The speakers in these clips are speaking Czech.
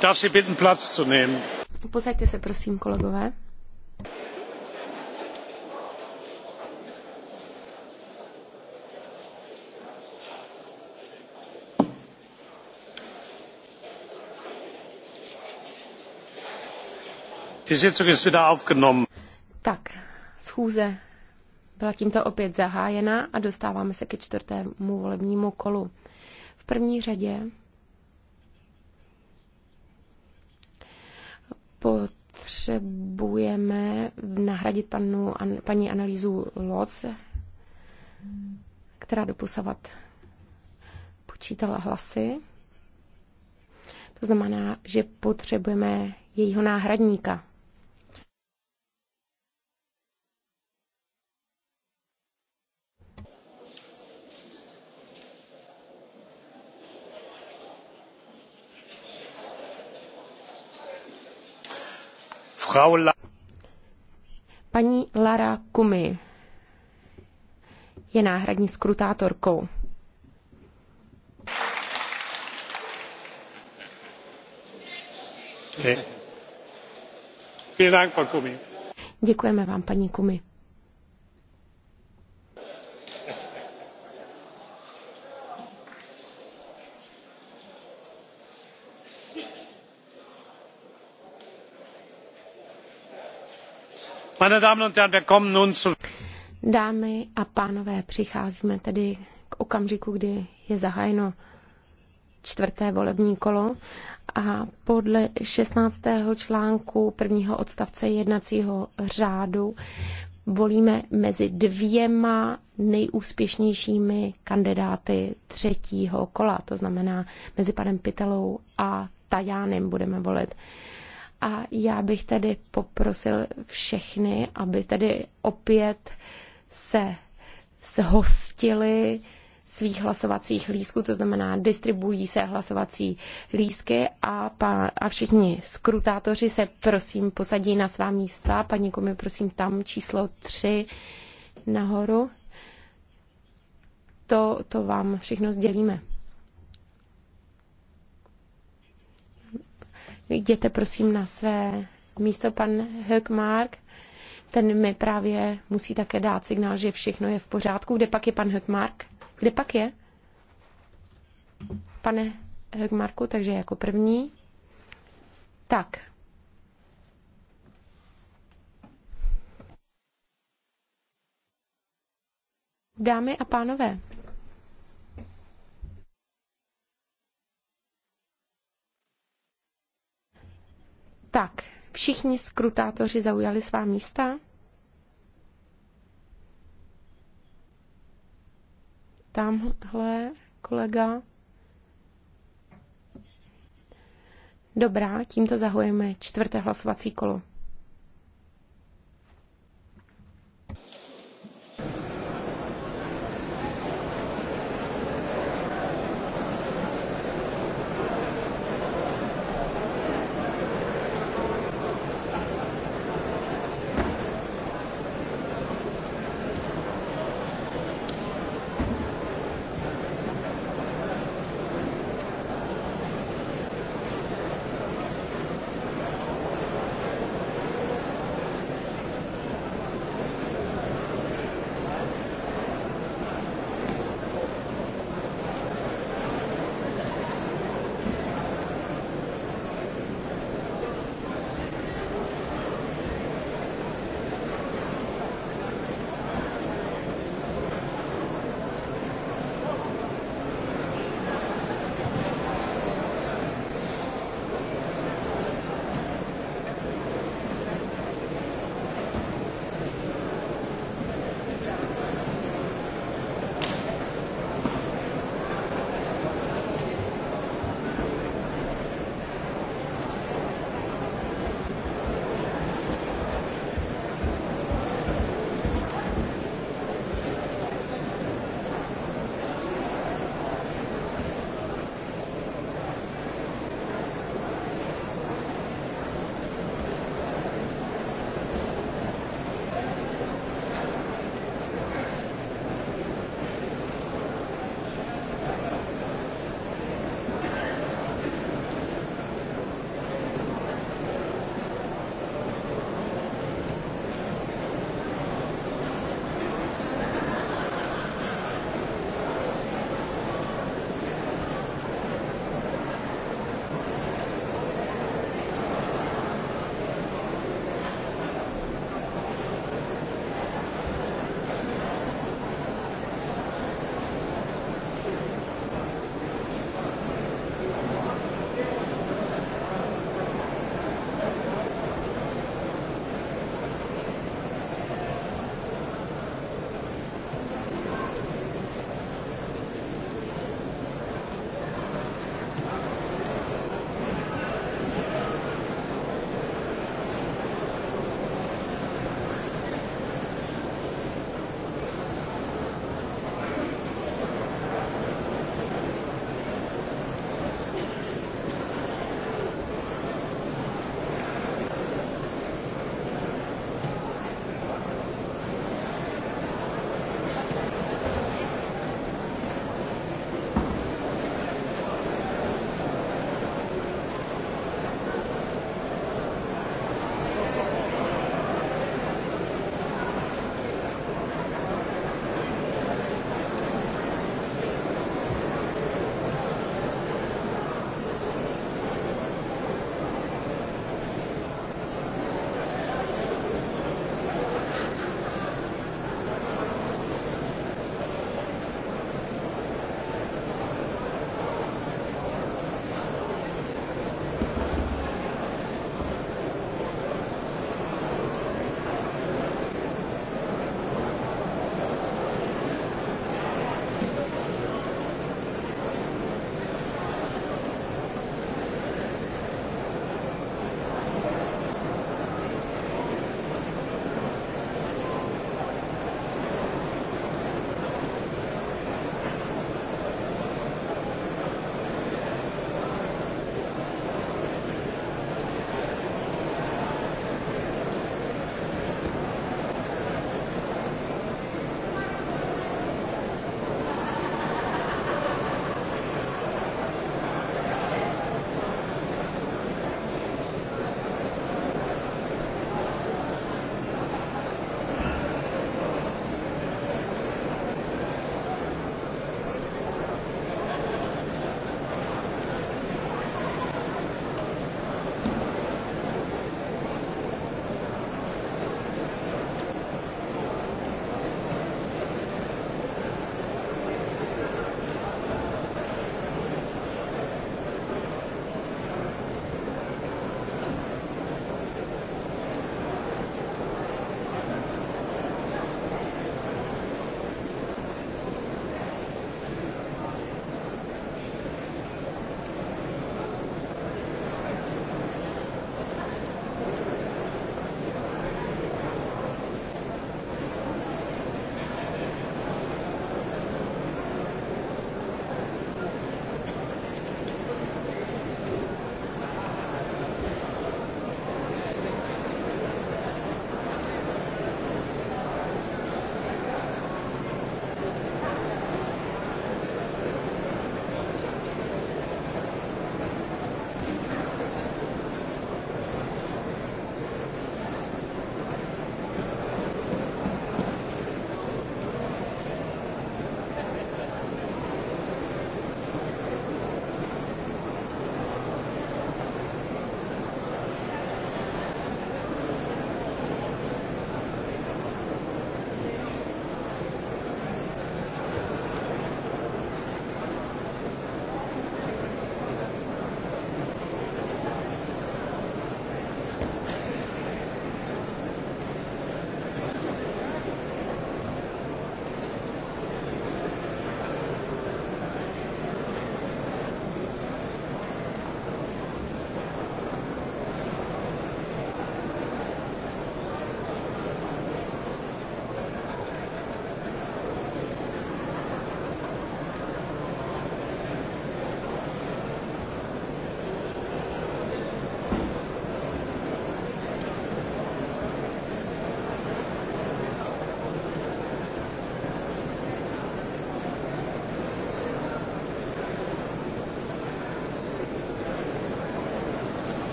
Darf Sie bitten, Platz zu nehmen. Posaďte se, prosím, kolegové. Tak, schůze byla tímto opět zahájena a dostáváme se ke čtvrtému volebnímu kolu. V první řadě potřebujeme nahradit panu, an, paní analýzu Loc, která doposavat počítala hlasy. To znamená, že potřebujeme jejího náhradníka. Frau La Paní Lara Kumi je náhradní skrutátorkou. Děkujeme vám, paní Kumi. Dámy a pánové, přicházíme tedy k okamžiku, kdy je zahájeno čtvrté volební kolo a podle 16. článku prvního odstavce jednacího řádu volíme mezi dvěma nejúspěšnějšími kandidáty třetího kola, to znamená mezi panem Pitelou a Tajánem budeme volit. A já bych tedy poprosil všechny, aby tedy opět se zhostili svých hlasovacích lístků. to znamená, distribuují se hlasovací lísky a, pa, a všichni skrutátoři se prosím posadí na svá místa. Paní Komi, prosím, tam číslo 3 nahoru. To, to vám všechno sdělíme. Jděte prosím na své místo, pan Höckmark. Ten mi právě musí také dát signál, že všechno je v pořádku. Kde pak je pan Höckmark? Kde pak je? Pane Höckmarku, takže jako první. Tak, Dámy a pánové, Tak, všichni skrutátoři zaujali svá místa? Tamhle kolega. Dobrá, tímto zahojeme čtvrté hlasovací kolo.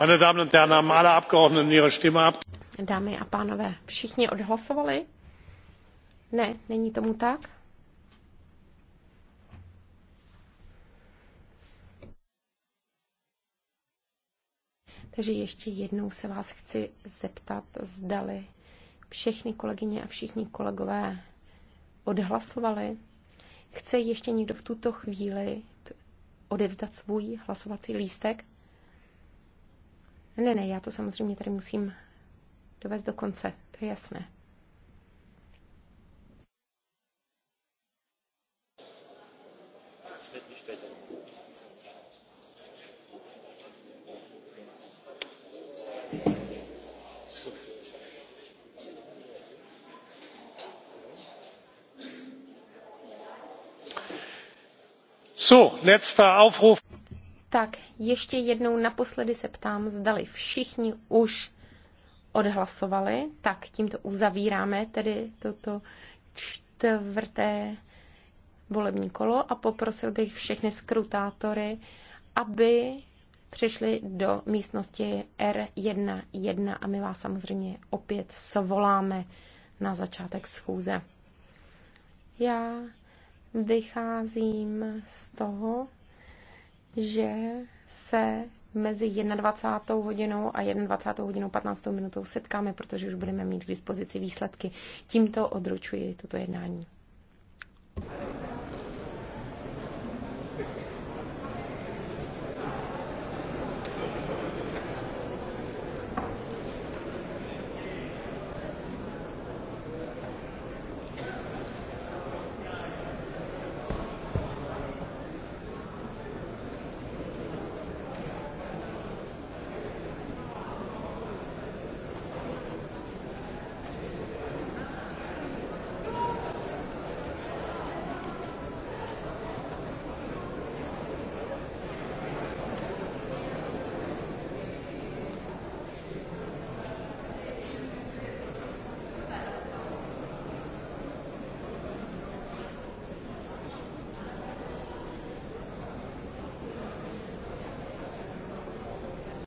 Meine Damen und Herren, haben alle Abgeordneten ihre Stimme ab? Dámy a pánové, všichni odhlasovali? Ne, není tomu tak? Takže ještě jednou se vás chci zeptat, zdali všechny kolegyně a všichni kolegové odhlasovali. Chce ještě někdo v tuto chvíli odevzdat svůj hlasovací lístek? Ne, ne, já to samozřejmě tady musím dovést do konce, to je jasné. So, letzter Aufruf. Tak ještě jednou naposledy se ptám, zdali všichni už odhlasovali, tak tímto uzavíráme tedy toto čtvrté volební kolo a poprosil bych všechny skrutátory, aby přišli do místnosti R11 a my vás samozřejmě opět svoláme na začátek schůze. Já vycházím z toho, že se mezi 21. hodinou a 21. hodinou 15. minutou setkáme, protože už budeme mít k dispozici výsledky. Tímto odručuji toto jednání.